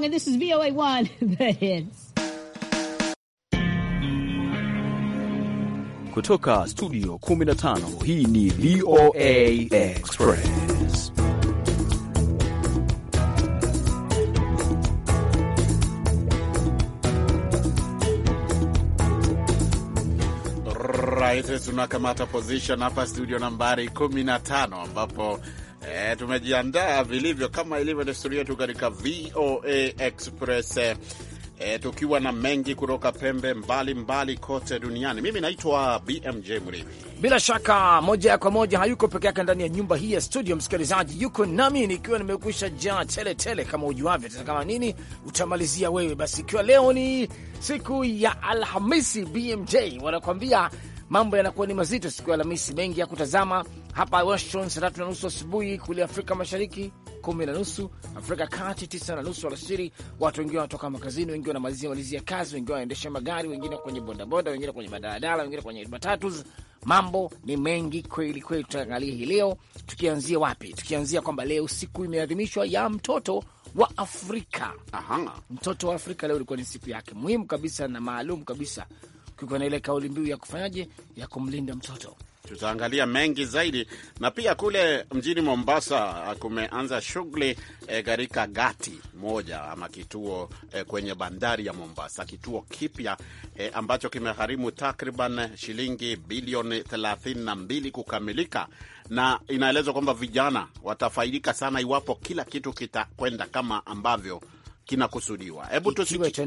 Song, and this is VOA One, The Hits. Kutoka studio 15, hii ni VOA Express. Right, tunakamata position hapa studio nambari 15 ambapo E, tumejiandaa vilivyo kama ilivyo desturi yetu katika VOA Express e, tukiwa na mengi kutoka pembe mbalimbali mbali kote duniani. Mimi naitwa BMJ mrivi Bila shaka moja kwa moja hayuko peke yake ndani ya nyumba hii ya studio, msikilizaji yuko nami nikiwa nimekwisha jaa tele tele kama ujuavyo. Tena kama nini utamalizia wewe basi, ikiwa leo ni siku ya Alhamisi, BMJ wanakuambia mambo yanakuwa ni mazito siku ya Alhamisi, mengi ya kutazama hapa Washington, saa tatu na nusu asubuhi, kule Afrika Mashariki kumi na nusu, Afrika Kati tisa na nusu alasiri. Watu wengine wanatoka makazini, wengine wanamalizia malizia kazi, wengine wanaendesha magari, wengine kwenye bodaboda, wengine kwenye madaladala, wengine kwenye matatu. Mambo ni mengi kweli kweli. Tutaangalia hii leo, tukianzia wapi? Tukianzia kwamba leo siku imeadhimishwa ya mtoto wa Afrika. Aha. Mtoto wa Afrika leo ilikuwa ni siku yake muhimu kabisa na maalum kabisa kulikuwa na ile kauli mbiu ya kufanyaje ya kumlinda mtoto. Tutaangalia mengi zaidi, na pia kule mjini Mombasa eh, kumeanza shughuli eh, katika e, gati moja ama kituo e, kwenye bandari ya Mombasa, kituo kipya e, ambacho kimegharimu takriban shilingi bilioni 32 kukamilika, na inaelezwa kwamba vijana watafaidika sana iwapo kila kitu kitakwenda kama ambavyo kinakusudiwa. Hebu tusikie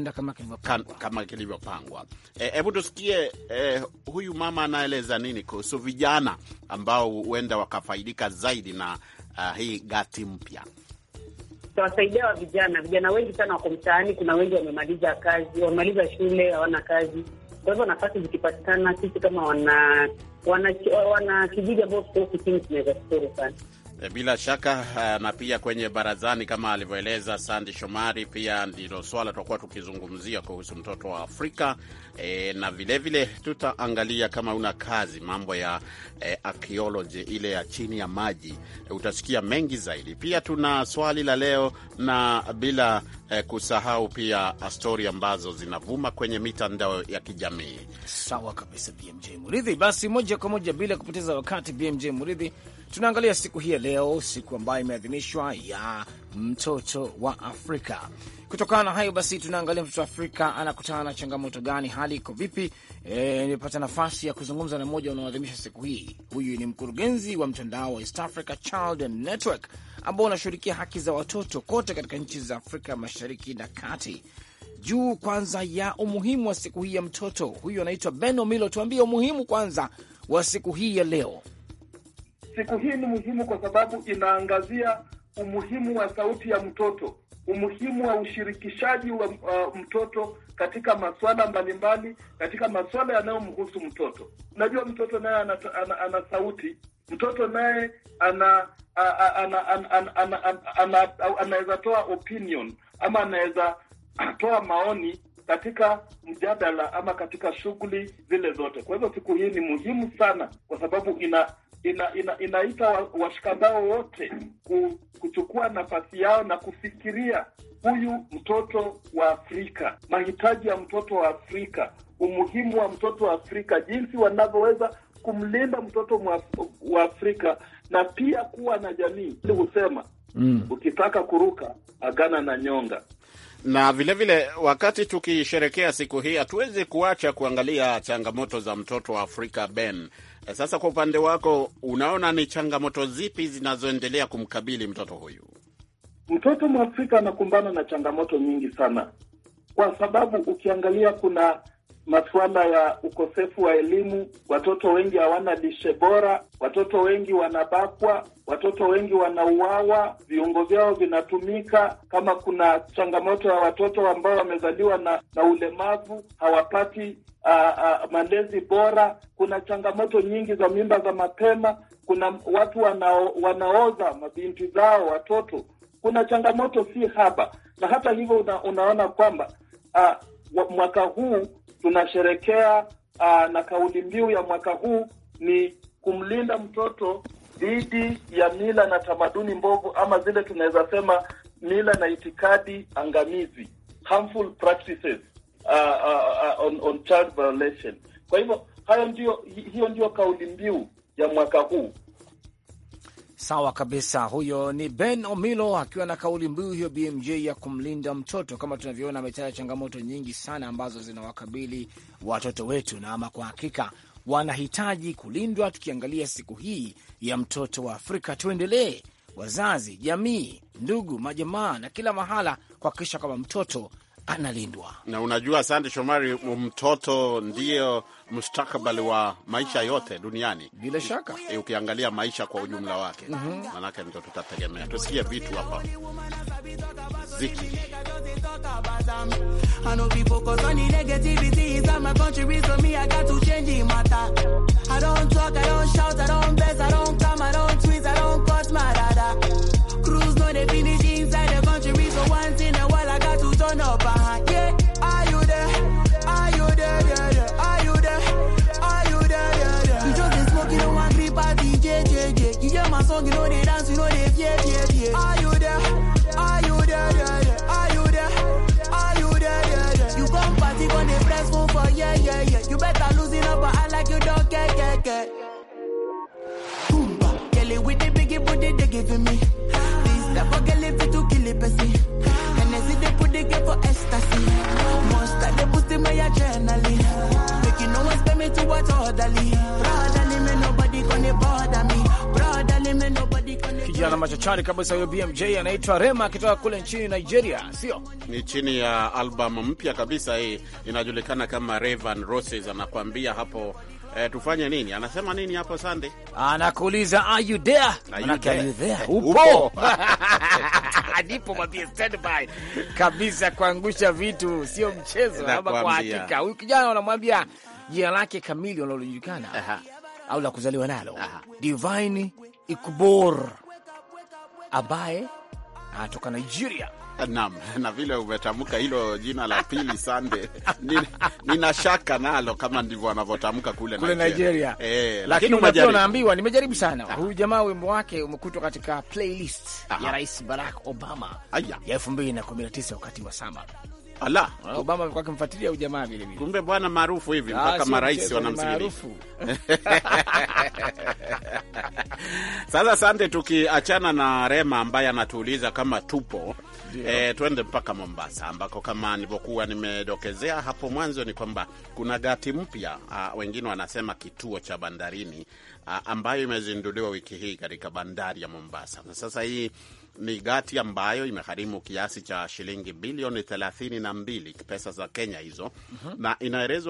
kama kilivyopangwa. Eh, hebu tusikie e, huyu mama anaeleza nini kuhusu vijana ambao huenda wakafaidika zaidi na uh, hii gati mpya tawasaidia wa vijana. Vijana wengi sana wako mtaani, kuna wengi wamemaliza kazi, wamemaliza shule, hawana kazi. Kwa hivyo nafasi zikipatikana, sisi kama wana wana, wana kijiji ambao tuko ofisini tunaweza shukuru sana. Eh, bila shaka eh, na pia kwenye barazani, kama alivyoeleza Sandi Shomari, pia ndilo swala tutakuwa tukizungumzia kuhusu mtoto wa Afrika e, na vilevile tutaangalia kama una kazi, mambo ya e, archaeology ile ya chini ya maji e, utasikia mengi zaidi. Pia tuna swali la leo na bila e, kusahau pia stori ambazo zinavuma kwenye mitandao ya kijamii. Sawa kabisa, BMJ Muridhi. Basi moja kwa moja bila kupoteza wakati, BMJ Muridhi Tunaangalia siku hii ya leo, siku ambayo imeadhimishwa ya mtoto wa Afrika. Kutokana na hayo basi, tunaangalia mtoto wa Afrika anakutana na changamoto gani, hali iko vipi? E, nimepata nafasi ya kuzungumza na mmoja unaoadhimisha siku hii. Huyu ni mkurugenzi wa mtandao wa East Africa Child Network ambao unashughulikia haki za watoto kote katika nchi za Afrika Mashariki na Kati. Juu kwanza ya umuhimu wa siku hii ya mtoto huyu, anaitwa Ben Omilo. Tuambie umuhimu kwanza wa siku hii ya leo. Siku hii ni muhimu kwa sababu inaangazia umuhimu wa sauti ya mtoto, umuhimu wa ushirikishaji wa uh, mtoto katika masuala mbalimbali, katika masuala yanayomhusu mtoto. Unajua, mtoto naye ana, ana, ana sauti, mtoto naye ana anaweza toa opinion ama anaweza toa maoni katika mjadala ama katika shughuli zile zote. Kwa hivyo siku hii ni muhimu sana, kwa sababu ina ina, ina, inaita washikadao wote kuchukua nafasi yao na kufikiria huyu mtoto wa Afrika, mahitaji ya mtoto wa Afrika, umuhimu wa mtoto wa Afrika, jinsi wanavyoweza kumlinda mtoto wa Afrika na pia kuwa na jamii husema mm. Ukitaka kuruka agana na nyonga. Na vilevile vile, wakati tukisherekea siku hii hatuwezi kuacha kuangalia changamoto za mtoto wa Afrika Ben Eh, sasa kwa upande wako, unaona ni changamoto zipi zinazoendelea kumkabili mtoto huyu? Mtoto mwafrika anakumbana na changamoto nyingi sana, kwa sababu ukiangalia kuna masuala ya ukosefu wa elimu, watoto wengi hawana lishe bora, watoto wengi wanabakwa, watoto wengi wanauawa, viungo vyao vinatumika. Kama kuna changamoto ya watoto ambao wamezaliwa na, na ulemavu hawapati a, a, malezi bora. Kuna changamoto nyingi za mimba za mapema. Kuna watu wanao, wanaoza mabinti zao watoto. Kuna changamoto si haba, na hata hivyo una, unaona kwamba a, mwaka huu tunasherekea uh, na kauli mbiu ya mwaka huu ni kumlinda mtoto dhidi ya mila na tamaduni mbovu, ama zile tunaweza sema mila na itikadi angamizi, harmful practices uh, uh, uh, on, on child violation. Kwa hivyo hayo ndio, hiyo ndio kauli mbiu ya mwaka huu. Sawa kabisa, huyo ni Ben Omilo akiwa na kauli mbiu hiyo BMJ ya kumlinda mtoto. Kama tunavyoona, ametaja changamoto nyingi sana ambazo zinawakabili watoto wetu, na ama kwa hakika wanahitaji kulindwa. Tukiangalia siku hii ya mtoto wa Afrika, tuendelee wazazi, jamii, ndugu, majamaa na kila mahala kuhakikisha kwamba mtoto analindwa. Na unajua, asante Shomari, mtoto ndio mustakabali wa maisha yote duniani, bila shaka e, ukiangalia maisha kwa ujumla wake mm -hmm. Manake ndio tutategemea. Tusikie vitu hapa ziki my song, you know they dance, you know they fear, fear, fear. Are you there? Are you there? Yeah, yeah. Are you there? Are you there? Yeah, yeah. You come party, on the press phone for yeah, yeah, yeah. You better lose it up, but I like you don't care, care, care. Boomba, girl with the biggie booty they giving me. This type of girl if to kill it, pussy. And I see they put the girl for ecstasy. Monster, they boosting my adrenaline. Making no one's spend me to a totally. kijana machachari kabisa huyo BMJ anaitwa Rema akitoka kule nchini Nigeria, sio? Ni chini ya albamu mpya kabisa hii inajulikana kama Raven Roses. Anakuambia hapo eh, tufanye nini? Anasema nini hapo Sande? Anakuuliza are you there? Manake are you there? Upo. mwambie standby kabisa, kuangusha vitu sio mchezo, ama kwa hakika huyu kijana anamwambia jina lake kamili unalojulikana au la kuzaliwa nalo Divine Ikubor ambaye anatoka Nigeria. Naam, na vile umetamka hilo jina la pili Sande, nina shaka nalo kama ndivyo anavyotamka kule kule Nigeria, Nigeria. E, lakini unajua unaambiwa, nimejaribu sana. Huyu jamaa wimbo wake umekutwa katika playlist Aha. ya Rais Barack Obama Aya. ya 219 wakati wa summer Ala, ah, ah, Obama alikuwa akimfuatilia huyu jamaa vile vile. Kumbe bwana maarufu hivi ah, mpaka marais wanamsikiliza. Sasa sante, tukiachana na Rema ambaye anatuuliza kama tupo E, eh, tuende mpaka Mombasa ambako kama nilivyokuwa nimedokezea hapo mwanzo ni kwamba kuna gati mpya, wengine wanasema kituo cha bandarini a, ambayo imezinduliwa wiki hii katika bandari ya Mombasa. Na sasa hii ni gati ambayo imegharimu kiasi cha shilingi bilioni thelathini na mbili pesa za Kenya hizo uh mhm. -huh.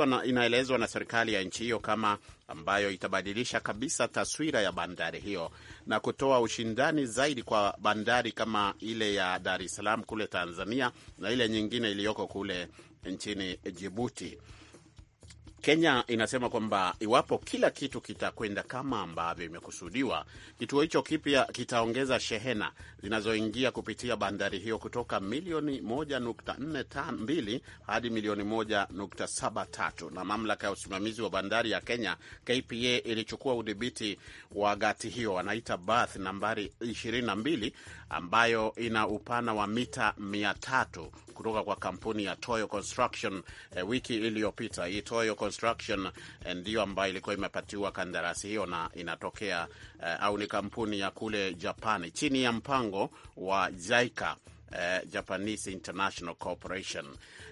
na inaelezwa na, na serikali ya nchi hiyo kama ambayo itabadilisha kabisa taswira ya bandari hiyo na kutoa ushindani zaidi kwa bandari kama ile ya Dar es Salaam kule Tanzania na ile nyingine iliyoko kule nchini Jibuti. Kenya inasema kwamba iwapo kila kitu kitakwenda kama ambavyo imekusudiwa, kituo hicho kipya kitaongeza shehena zinazoingia kupitia bandari hiyo kutoka milioni 1.42 hadi milioni 1.73. Na mamlaka ya usimamizi wa bandari ya Kenya KPA ilichukua udhibiti wa gati hiyo, wanaita berth nambari 22, ambayo ina upana wa mita 300 kutoka kwa kampuni ya Toyo Construction e, wiki iliyopita. Hii Toyo Construction eh, ndiyo ambayo ilikuwa imepatiwa kandarasi hiyo na inatokea e, au ni kampuni ya kule Japani chini ya mpango wa JICA eh, Japanese International Corporation.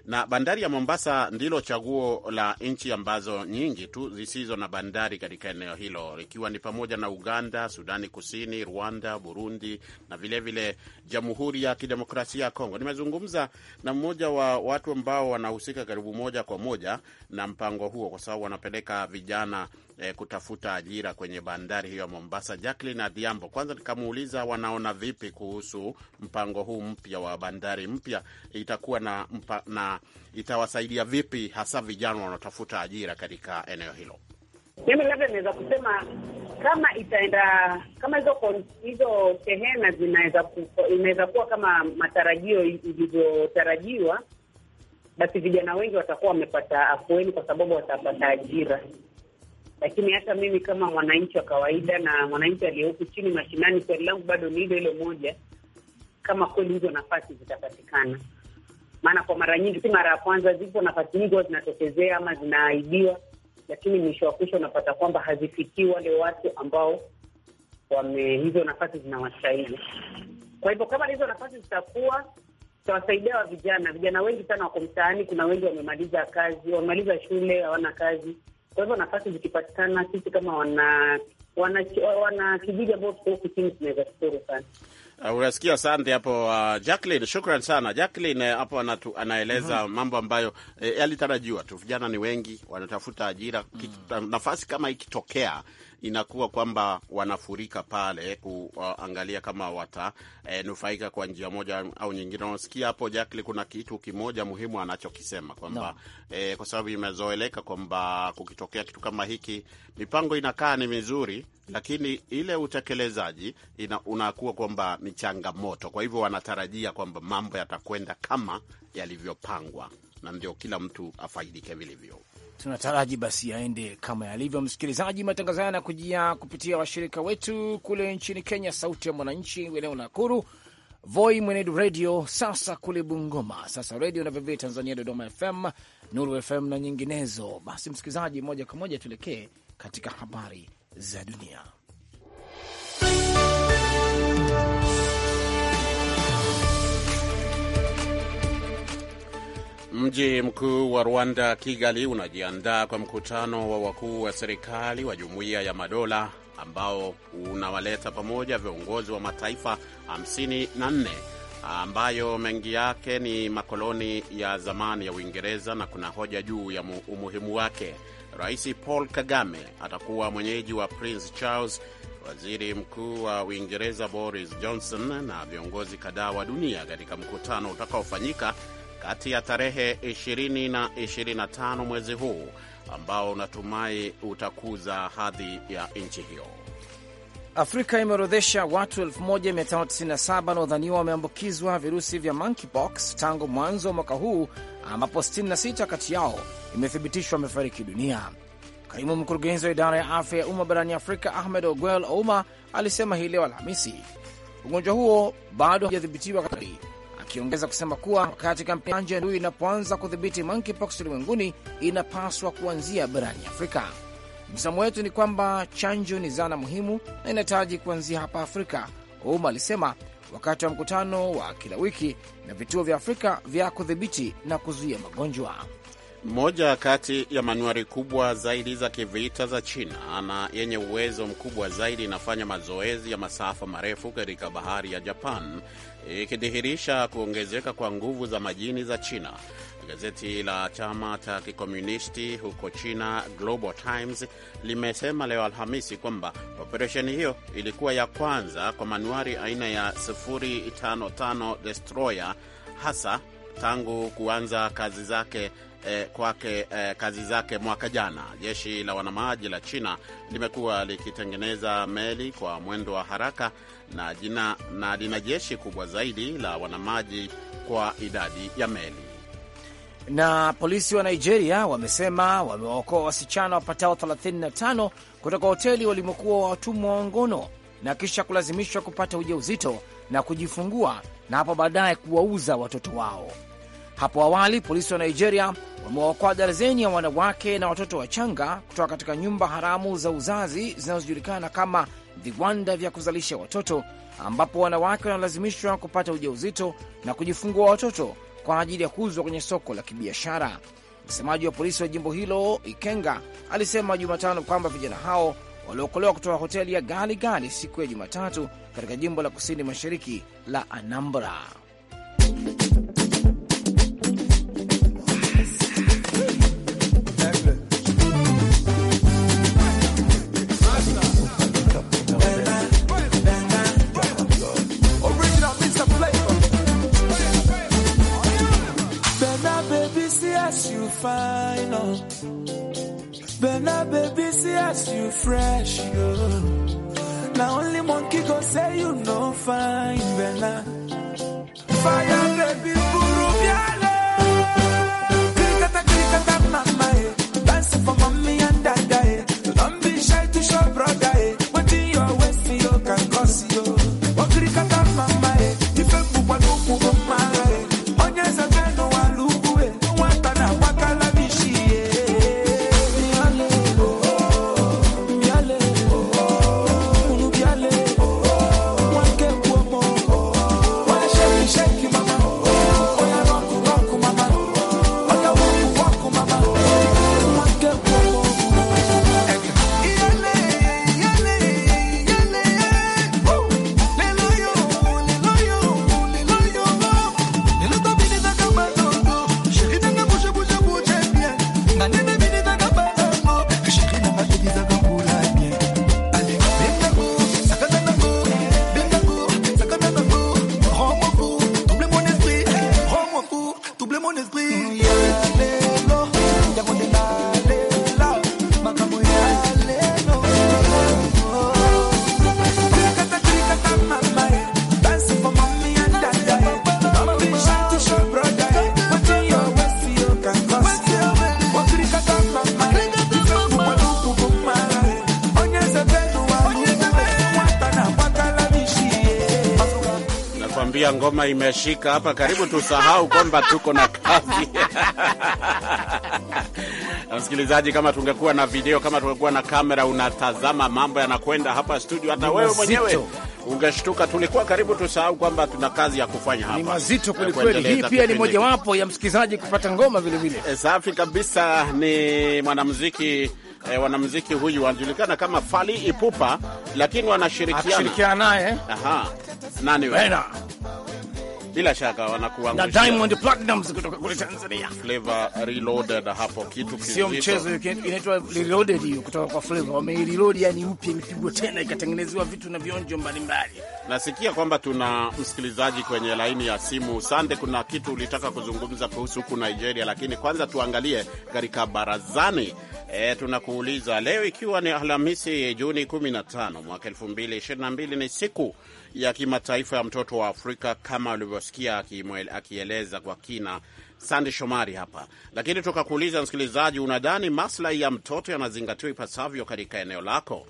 Na bandari ya Mombasa ndilo chaguo la nchi ambazo nyingi tu zisizo na bandari katika eneo hilo, ikiwa ni pamoja na Uganda, Sudani Kusini, Rwanda, Burundi na vilevile Jamhuri ya Kidemokrasia ya Kongo. Nimezungumza na mmoja wa watu ambao wanahusika karibu moja kwa moja na mpango huo, kwa sababu wanapeleka vijana e, kutafuta ajira kwenye bandari hiyo ya Mombasa. Jacqueline Adhiambo, kwanza nikamuuliza wanaona vipi kuhusu mpango huu mpya wa bandari mpya, itakuwa na, mpa, na itawasaidia vipi hasa vijana wanaotafuta ajira katika eneo hilo? Mimi labda naweza kusema kama itaenda kama hizo hizo shehena zinaweza inaweza kuwa kama matarajio ilivyotarajiwa, basi vijana wengi watakuwa wamepata afueni, kwa sababu watapata ajira. Lakini hata mimi kama mwananchi wa kawaida na mwananchi aliyehuku chini mashinani, swali langu bado ni hilo hilo moja, kama kweli hizo nafasi zitapatikana. Maana kwa mara nyingi, si mara ya kwanza, zipo nafasi nyingi huwa zinatokezea ama zinaaidiwa, lakini mwisho wa kwisho unapata kwamba hazifikii wale watu ambao wame hizo nafasi zinawastahili. Kwa hivyo kama hizo nafasi zitakuwa tawasaidia wa vijana. Vijana wengi sana wako mtaani, kuna wengi wamemaliza kazi, wamemaliza shule, hawana kazi. Kwa hivyo nafasi zikipatikana, sisi kama wana wana wana kijiji ambao tuko kusini tunaweza sana. Uh, unasikia asante hapo uh, Jacqueline, shukran sana Jacqueline eh, hapo anatu, anaeleza mm -hmm. mambo ambayo eh, yalitarajiwa tu. Vijana ni wengi wanatafuta ajira mm -hmm. Nafasi kama ikitokea inakuwa kwamba wanafurika pale kuangalia kama watanufaika e, kwa njia moja au nyingine. Unasikia hapo Jackli, kuna kitu kimoja muhimu anachokisema kwamba no. E, kwa sababu imezoeleka kwamba kukitokea kitu kama hiki mipango inakaa ni mizuri, lakini ile utekelezaji ina, unakuwa kwamba ni changamoto. Kwa hivyo wanatarajia kwamba mambo yatakwenda kama yalivyopangwa, na ndio kila mtu afaidike vilivyo tunataraji basi aende kama yalivyo. Msikilizaji, matangazo haya yanakujia kupitia washirika wetu kule nchini Kenya, Sauti ya Mwananchi eneo Nakuru, Voi Mwenedu Radio, sasa kule Bungoma, sasa radio na vivile Tanzania, Dodoma FM, Nuru FM na nyinginezo. Basi msikilizaji, moja kwa moja tuelekee katika habari za dunia. Mji mkuu wa Rwanda, Kigali, unajiandaa kwa mkutano wa wakuu wa serikali wa Jumuiya ya Madola ambao unawaleta pamoja viongozi wa mataifa 54 ambayo mengi yake ni makoloni ya zamani ya Uingereza na kuna hoja juu ya umuhimu wake. Rais Paul Kagame atakuwa mwenyeji wa Prince Charles, waziri mkuu wa Uingereza Boris Johnson na viongozi kadhaa wa dunia katika mkutano utakaofanyika kati ya tarehe 20 na 25 mwezi huu ambao natumai utakuza hadhi ya nchi hiyo. Afrika imeorodhesha watu 1597 wanaodhaniwa wameambukizwa virusi vya monkeypox tangu mwanzo wa mwaka huu ambapo 66 kati yao imethibitishwa amefariki dunia. Kaimu mkurugenzi wa idara ya afya ya umma barani Afrika Ahmed Ogwel Ouma alisema hii leo Alhamisi ugonjwa huo bado haujadhibitiwa akiongeza kusema kuwa wakati kampeni ya ndui inapoanza kudhibiti monkeypox ulimwenguni inapaswa kuanzia barani Afrika. Msamo wetu ni kwamba chanjo ni zana muhimu na inahitaji kuanzia hapa Afrika, Ouma alisema wakati wa mkutano wa kila wiki na vituo vya Afrika vya kudhibiti na kuzuia magonjwa. Moja kati ya manuari kubwa zaidi za kivita za China na yenye uwezo mkubwa zaidi inafanya mazoezi ya masafa marefu katika bahari ya Japan ikidhihirisha kuongezeka kwa nguvu za majini za China. Gazeti la chama cha kikomunisti huko China, Global Times, limesema leo Alhamisi kwamba operesheni hiyo ilikuwa ya kwanza kwa manuari aina ya 055 destroyer hasa tangu kuanza kazi zake eh, kwake eh, kazi zake mwaka jana. Jeshi la wanamaji la China limekuwa likitengeneza meli kwa mwendo wa haraka na, jina, na lina jeshi kubwa zaidi la wanamaji kwa idadi ya meli. Na polisi wa Nigeria wamesema wamewaokoa wasichana wapatao 35 kutoka hoteli walimokuwa watumwa wa ngono na kisha kulazimishwa kupata ujauzito na kujifungua na hapo baadaye kuwauza watoto wao. Hapo awali polisi wa Nigeria wamewaokoa darzeni ya wanawake na watoto wachanga kutoka katika nyumba haramu za uzazi zinazojulikana kama viwanda vya kuzalisha watoto, ambapo wanawake wanalazimishwa kupata ujauzito na kujifungua watoto kwa ajili ya kuuzwa kwenye soko la kibiashara. Msemaji wa polisi wa jimbo hilo Ikenga alisema Jumatano kwamba vijana hao waliokolewa kutoka hoteli ya Gali Gali siku ya Jumatatu katika jimbo la kusini mashariki la Anambra. fine, oh. But now, baby, see as you fresh, yo. Now only monkey go say you no fine, but now. Fire, baby, burubiale. Krikata, krikata, mama, eh. Dancing for mama. ngoma imeshika hapa, karibu tusahau kwamba tuko na kazi msikilizaji. Kama tungekuwa na video, kama tungekuwa na kamera, unatazama mambo yanakwenda hapa studio, hata wewe mwenyewe ungeshtuka. Tulikuwa karibu tusahau kwamba tuna kazi ya kufanya hapa. Ni mazito kweli kweli. Hii pia ni mojawapo ya msikilizaji kupata ngoma vile vile. E, safi kabisa. Ni mwanamuziki E, eh, wanamuziki huyu wanajulikana kama Fali Ipupa, lakini wanashirikiana naye. Aha, nani wewe? Bila shaka wanakuwa na Diamond Platnumz kutoka kule Tanzania, Flavor Reloaded hapo kitu kizito, sio mchezo. Inaitwa Reloaded hiyo kutoka kwa Flavor, Wame reload yani upya, imepigwa tena ikatengenezewa vitu na vionjo mbalimbali. Nasikia kwamba tuna msikilizaji kwenye laini ya simu. Sande, kuna kitu ulitaka kuzungumza kuhusu huku Nigeria, lakini kwanza tuangalie katika barazani. E, tunakuuliza leo ikiwa ni Alhamisi Juni 15 mwaka 2022 ni siku ya kimataifa ya mtoto wa Afrika kama ulivyosikia akieleza kwa kina Sande Shomari hapa. Lakini tukakuuliza msikilizaji, unadhani maslahi ya mtoto yanazingatiwa ipasavyo katika eneo lako?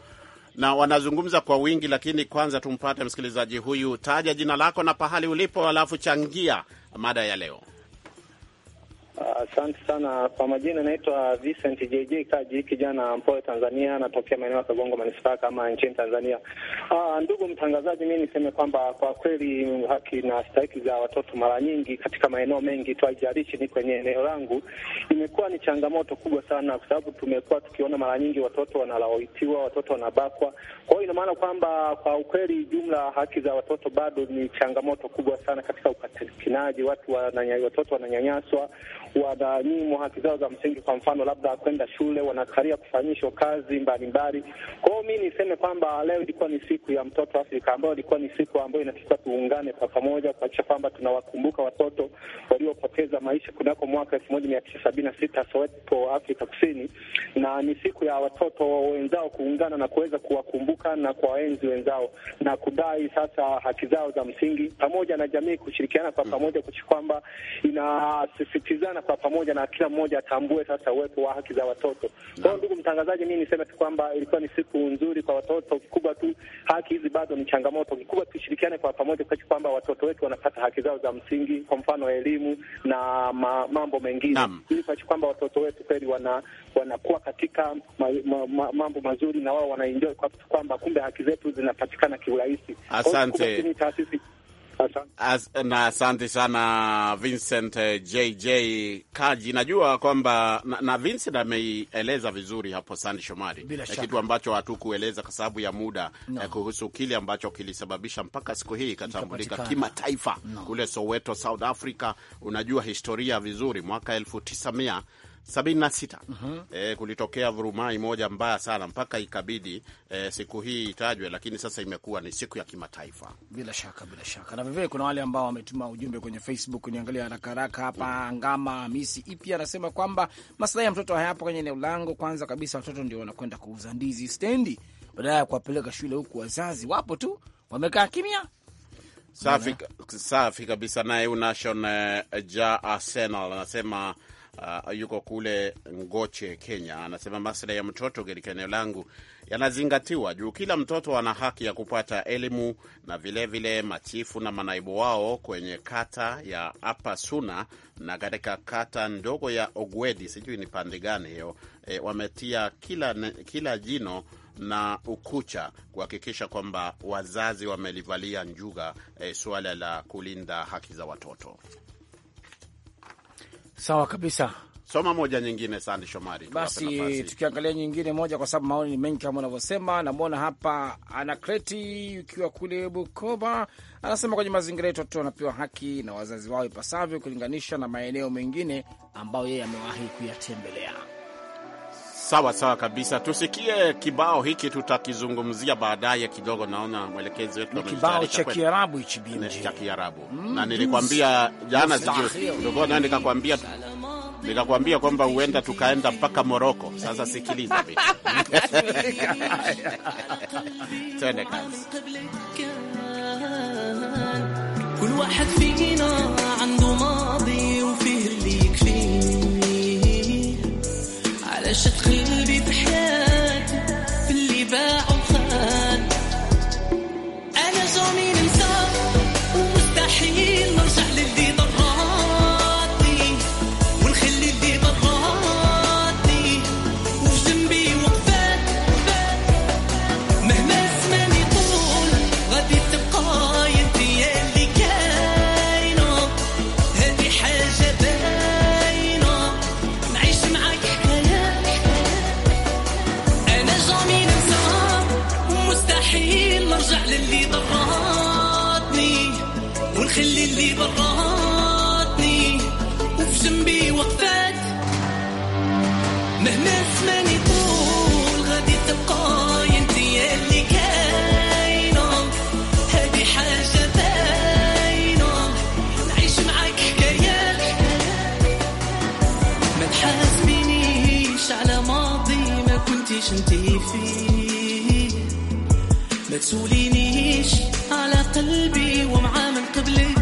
Na wanazungumza kwa wingi, lakini kwanza tumpate msikilizaji huyu. Taja jina lako na pahali ulipo, alafu changia mada ya leo. Asante uh, sana kwa majina, naitwa Vincent JJ Kaji, kijana mpole Tanzania, natokea maeneo ya Kagongo manispaa kama nchini Tanzania. Uh, ndugu mtangazaji, mi niseme kwamba kwa kweli haki na stahiki za watoto mara nyingi katika maeneo mengi tu haijalishi ni kwenye eneo langu, imekuwa ni changamoto kubwa sana, kwa sababu tumekuwa tukiona mara nyingi watoto wanalaoitiwa, watoto wanabakwa. Kwa hiyo ina maana kwamba kwa ukweli, jumla haki za watoto bado ni changamoto kubwa sana katika upatikanaji, watu wananya, watoto wananyanyaswa wananyimwa haki zao za msingi, kwa mfano labda kwenda shule, wanakaria kufanyishwa kazi mbalimbali. Kwa hiyo mi niseme kwamba leo ilikuwa ni siku ya mtoto Afrika, ambayo ilikuwa ni siku ambayo inatakiwa tuungane kwa pamoja kuhakikisha kwamba tunawakumbuka watoto waliopoteza maisha kunako mwaka elfu moja mia tisa sabini na sita Soweto, Afrika Kusini, na ni siku ya watoto wenzao kuungana na kuweza kuwakumbuka na kuwaenzi wenzao na kudai sasa haki zao za msingi, pamoja na jamii kushirikiana kwa mm. pamoja kuishi kwamba inasisitizana kuungana kwa pamoja na kila mmoja atambue sasa uwepo wa haki za watoto. Kwa hiyo, ndugu mtangazaji, mimi niseme tu kwamba ilikuwa ni siku nzuri kwa watoto. Kikubwa tu haki hizi bado ni changamoto, kikubwa tushirikiane kwa pamoja kuhakikisha kwamba watoto wetu wanapata haki zao za msingi, kwa mfano elimu na ma, mambo mengine, ili kuhakikisha kwamba watoto wetu kweli wana wanakuwa katika ma, ma, ma, mambo mazuri na wao wanaenjoy kwa kwamba kumbe haki zetu zinapatikana kiurahisi. Asante. As, na asante sana Vincent JJ eh, Kaji. Najua kwamba na, na Vincent ameieleza vizuri hapo, Sandi Shomari, eh, kitu ambacho hatukueleza kwa sababu ya muda no. Eh, kuhusu kile ambacho kilisababisha mpaka siku hii ikatambulika kimataifa no. kule Soweto, South Africa. Unajua historia vizuri, mwaka elfu tisa mia sabini na sita uh eh, -huh. E, kulitokea vurumai moja mbaya sana mpaka ikabidi e, siku hii itajwe, lakini sasa imekuwa ni siku ya kimataifa. Bila shaka, bila shaka. Na vivyo kuna wale ambao wametuma ujumbe kwenye Facebook, niangalia haraka haraka hapa. Ngama Hamisi Ipi anasema kwamba maslahi ya mtoto hayapo kwenye eneo langu. Kwanza kabisa, watoto ndio wanakwenda kuuza ndizi stendi badala ya kuwapeleka shule, huku wazazi wapo tu wamekaa kimya. Safi kabisa. Naye Unashon eh, Ja Arsenal anasema uh, yuko kule Ngoche, Kenya, anasema maslahi ya mtoto katika eneo langu yanazingatiwa juu kila mtoto ana haki ya kupata elimu, na vilevile vile machifu na manaibu wao kwenye kata ya Apasuna na katika kata ndogo ya Ogwedi, sijui ni pande gani hiyo e, wametia kila, kila jino na ukucha kuhakikisha kwamba wazazi wamelivalia njuga e, suala la kulinda haki za watoto. Sawa kabisa. Soma moja nyingine, Sandi Shomari. Basi tukiangalia nyingine moja, kwa sababu maoni ni mengi kama unavyosema. Namwona hapa Anakreti ukiwa kule Bukoba, anasema kwenye mazingira yetu watoto wanapewa haki na wazazi wao ipasavyo, kulinganisha na maeneo mengine ambayo yeye amewahi kuyatembelea. Sawa sawa kabisa, tusikie kibao hiki, tutakizungumzia baadaye kidogo. Naona mwelekezi wetu kibao cha Kiarabu hichi cha Kiarabu mm, na nilikwambia jana na nikakwambia nikakwambia kwamba huenda tukaenda mpaka Moroko. Sasa sikiliza twende kazi. العيش تخيل نخلي اللي ضراتني ونخلي اللي براتني وفي جنبي وقفات مهما الزمان يطول غادي تبقى انتي اللي كاينه حاجه باينه نعيش معاك حكايات ما تحاسبينيش على ماضي ما كنتيش انتي فيه ما تسوليني عايش على قلبي ومعامل من قبلي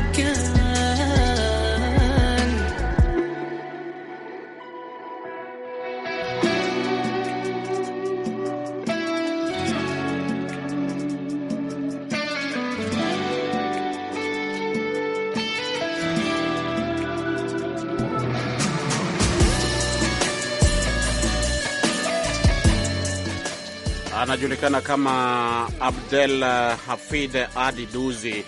anajulikana kama Abdel Hafid Adi Duzi.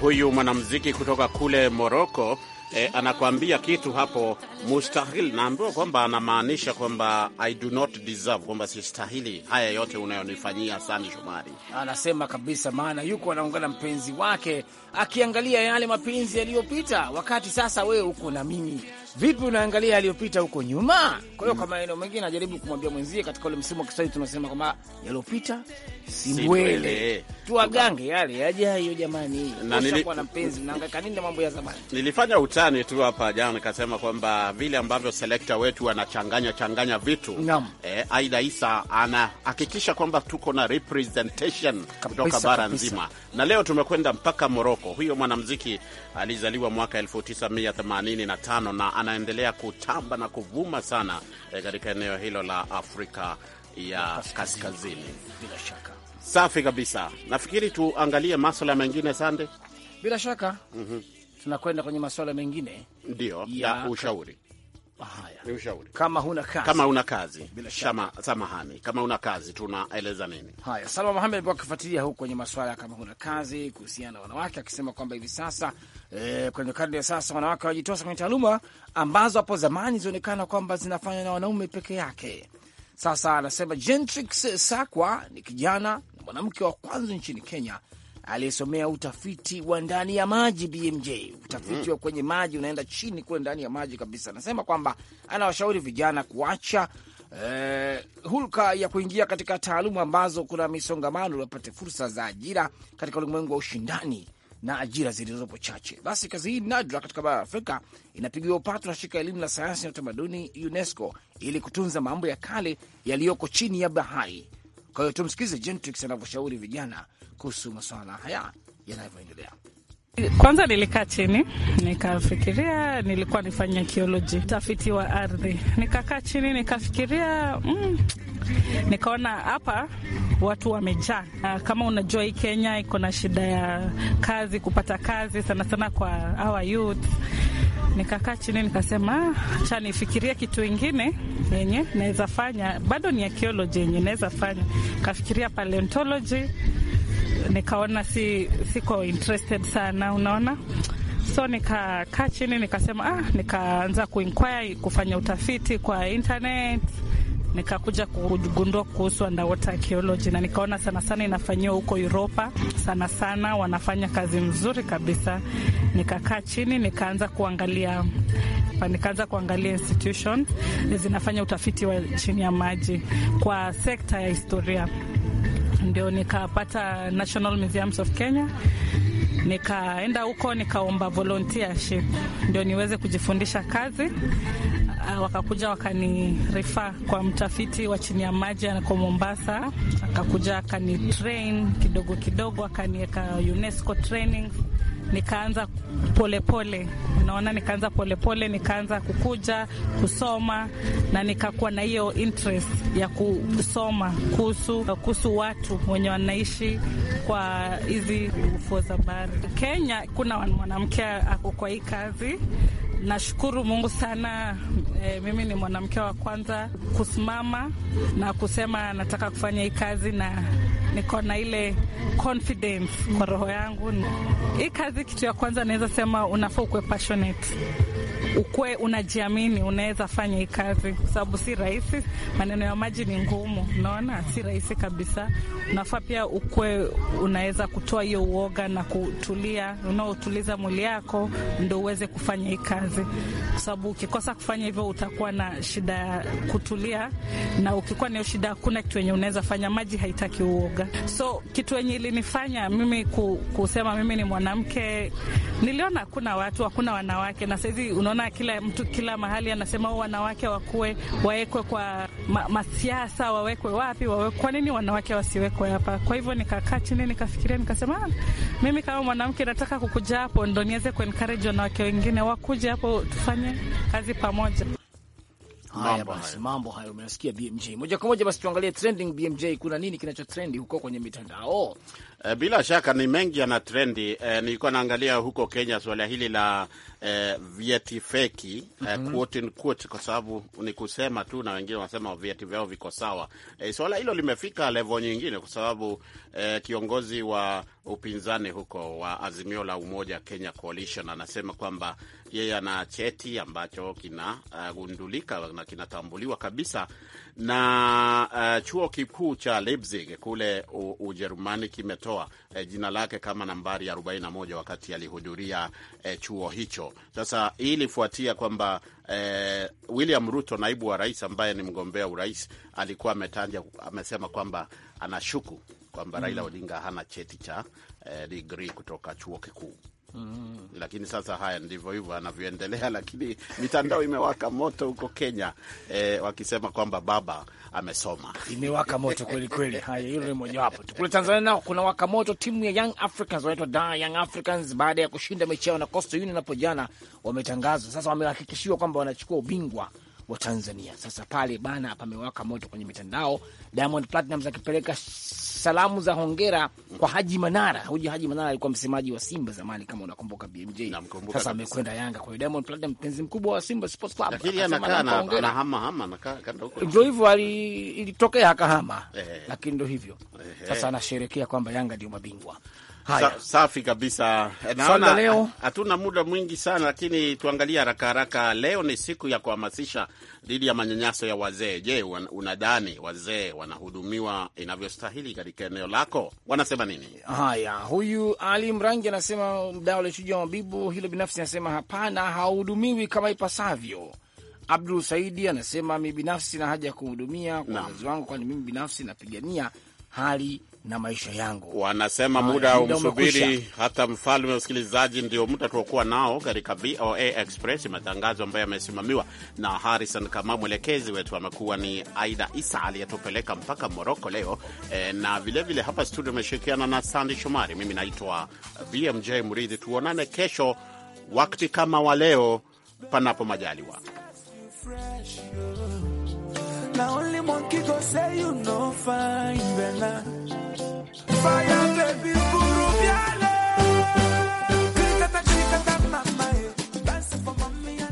Huyu mwanamuziki kutoka kule Moroko e, eh, anakuambia kitu hapo mustahil, naambiwa kwamba anamaanisha kwamba I do not deserve, kwamba sistahili haya yote unayonifanyia. Sani Shomari anasema kabisa, maana yuko anaungana mpenzi wake akiangalia yale mapenzi yaliyopita, wakati sasa wewe uko na mimi vipi unaangalia yaliyopita huko nyuma. Kwa hiyo mm. kwa maeneo mengine najaribu kumwambia mwenzie katika ule msimu wa Kiswahili tunasema kwamba yaliyopita si mbwele, tuwagange yale yajayo. Jamani, shakuwa na mpenzi, mnaangaika nini na mambo ya zamani? Nilifanya utani tu hapa jana, nikasema kwamba vile ambavyo selekta wetu anachanganya changanya vitu eh, Aida Isa anahakikisha kwamba tuko na representation kutoka bara nzima, na leo tumekwenda mpaka Moroko. Huyo mwanamziki alizaliwa mwaka 1985 na anaendelea kutamba na kuvuma sana eh, katika eneo hilo la Afrika ya Kaskazini. Bila shaka, safi kabisa. Nafikiri tuangalie maswala mengine sande, bila shaka mm -hmm. Tunakwenda kwenye maswala mengine ndio ya, ya ushauri haya ni ushauri. Kama huna kazi, kama kazi, samahani, kama una kazi tunaeleza nini? Haya, Salma Mohamed alikuwa akifuatilia huku kwenye maswala kama huna kazi kuhusiana na wanawake, akisema kwamba hivi sasa e, kwenye karne ya sasa wanawake wanajitosa kwenye taaluma ambazo hapo zamani zilionekana kwamba zinafanywa na wanaume peke yake. Sasa anasema Gentrix Sakwa ni kijana na mwanamke wa kwanza nchini Kenya aliyesomea utafiti wa ndani ya maji BMJ, utafiti mm -hmm. wa kwenye maji unaenda chini kule ndani ya maji kabisa. Anasema kwamba anawashauri vijana kuacha eh, hulka ya kuingia katika taaluma ambazo kuna misongamano, wapate fursa za ajira katika ulimwengu wa ushindani na ajira zilizopo chache. Basi kazi hii nadra katika bara la Afrika inapigiwa upato na shirika elimu la sayansi na utamaduni UNESCO ili kutunza mambo ya kale yaliyoko chini ya bahari kwa hiyo tumsikize Gentrix anavyoshauri vijana kuhusu masuala haya yanavyoendelea. Kwanza nilikaa chini nikafikiria, nilikuwa nifanya kioloji, utafiti wa ardhi. Nikakaa chini nikafikiria, mm, nikaona hapa watu wamejaa. Kama unajua hii Kenya iko na shida ya kazi, kupata kazi sana sana kwa our youth Nikakaa chini nikasema, cha nifikirie kitu ingine yenye naweza fanya, bado ni archaeology yenye naweza fanya. Kafikiria paleontology, nikaona si, siko interested sana, unaona so nikakaa chini nikasema, ah, nikaanza kuinquire kufanya utafiti kwa internet nikakuja kugundua kuhusu underwater archaeology, na nikaona sana sana inafanyiwa huko Uropa, sana sana wanafanya kazi mzuri kabisa. Nikakaa chini nikaanza kuangalia nikaanza kuangalia institution zinafanya utafiti wa chini ya maji kwa sekta ya historia, ndio nikapata National Museums of Kenya. Nikaenda huko nikaomba volunteership ndio niweze kujifundisha kazi Eh, wakakuja wakanirefa kwa mtafiti wa chini ya maji anako Mombasa, akakuja akanitrain kidogo kidogo, akaniweka UNESCO training nikaanza polepole, unaona, nikaanza polepole, nikaanza kukuja kusoma na nikakuwa na hiyo interest ya kusoma kuhusu kuhusu watu wenye wanaishi kwa hizi ufuo za bahari. Kenya kuna mwanamke ako kwa hii kazi Nashukuru Mungu sana. E, mimi ni mwanamke wa kwanza kusimama na kusema nataka kufanya hii kazi na niko na ile confidence kwa roho yangu. Hii kazi, kitu ya kwanza naweza sema unafaa ukuwe passionate, ukuwe unajiamini, unaweza fanya hii kazi kwa sababu si rahisi. Maneno ya maji ni ngumu, unaona, si rahisi kabisa. Unafaa pia ukuwe unaweza kutoa hiyo uoga na kutulia, unaotuliza mwili yako ndo uweze kufanya hii kazi, kwa sababu ukikosa kufanya hivyo utakuwa na shida ya kutulia, na ukikuwa nayo shida, hakuna kitu yenye unaweza fanya. Maji haitaki uoga lugha. So kitu yenye ilinifanya mimi kusema mimi ni mwanamke, niliona hakuna watu, hakuna wanawake, na sahizi unaona kila mtu kila mahali anasema oh, wanawake wakuwe wawekwe kwa ma, masiasa wawekwe wapi, wawekwe. Kwa nini wanawake wasiwekwe hapa? Kwa hivyo nikakaa chini nikafikiria, nikasema ah, mimi kama mwanamke nataka kukuja hapo ndo niweze kuencourage wanawake wengine wakuje hapo, tufanye kazi pamoja. Haya basi, mambo hayo umeyasikia BMJ. Moja kwa moja basi tuangalie trending BMJ, kuna nini kinacho trendi huko kwenye mitandao? Eh, bila shaka ni mengi yana trendi. E, nilikuwa naangalia huko Kenya suala hili la e, vyeti feki mm -hmm. E, quote in quote, kwa sababu ni kusema tu na wengine wanasema vyeti vyao viko sawa. E, suala hilo limefika level nyingine kwa sababu e, kiongozi wa upinzani huko wa Azimio la Umoja Kenya Coalition anasema kwamba yeye ana cheti ambacho kinagundulika uh, na kinatambuliwa kabisa na uh, chuo kikuu cha Leipzig kule u, Ujerumani kimetoa eh, jina lake kama nambari 41 wakati alihudhuria eh, chuo hicho. Sasa hii ilifuatia kwamba eh, William Ruto, naibu wa rais, ambaye ni mgombea urais, alikuwa ametaja, amesema kwamba anashuku kwamba mm -hmm. Raila Odinga hana cheti cha eh, digrii kutoka chuo kikuu mm. Lakini sasa haya ndivyo hivyo anavyoendelea, lakini mitandao imewaka moto huko Kenya eh, wakisema kwamba baba amesoma, imewaka moto kweli kweli. Haya, hilo ni mojawapo tu. Kule Tanzania nao kuna waka moto, timu ya Young Africans wanaitwa Da Young Africans, baada ya kushinda mechi yao na Coastal Union hapo jana, wametangazwa sasa, wamehakikishiwa kwamba wanachukua ubingwa wa Tanzania. Sasa pale bana, pamewaka moto kwenye mitandao, Diamond Platinumz akipeleka salamu za hongera kwa Haji Manara. Huyu Haji Manara alikuwa msemaji wa Simba zamani, kama unakumbuka BMJ. Sasa amekwenda Yanga, kwa hiyo Diamond Platinum mpenzi mkubwa wa Simba Sports Club, ndio hivyo ilitokea akahama, lakini ndio hivyo sasa anasherekea kwamba Yanga ndio mabingwa Sa, safi kabisa. Eh, naona leo hatuna muda mwingi sana, lakini tuangalie haraka haraka. Leo ni siku ya kuhamasisha dhidi ya manyanyaso ya wazee. Je, unadhani wazee wanahudumiwa inavyostahili katika eneo lako? Wanasema nini? Haya, huyu Ali Mrangi anasema mdao alichuja mabibu hilo binafsi, anasema hapana, hahudumiwi kama ipasavyo. Abdul Saidi anasema mi binafsi na haja ya kuhudumia kwa wazazi wangu, kwani mimi binafsi napigania hali na maisha yangu. Wanasema ah, muda umsubiri hata mfalme. Msikilizaji, ndio muda tuokuwa nao katika VOA Express, matangazo ambayo yamesimamiwa na Harrison Kamau. Mwelekezi wetu amekuwa ni Aida Isa aliyetupeleka mpaka Moroko leo e, na vilevile vile hapa studio ameshirikiana na Sandi Shomari. Mimi naitwa BMJ Mridhi. Tuonane kesho wakti kama wa leo, panapo majaliwa. Now only monkey go say you no fine, Bella. Fire baby, Burubiala.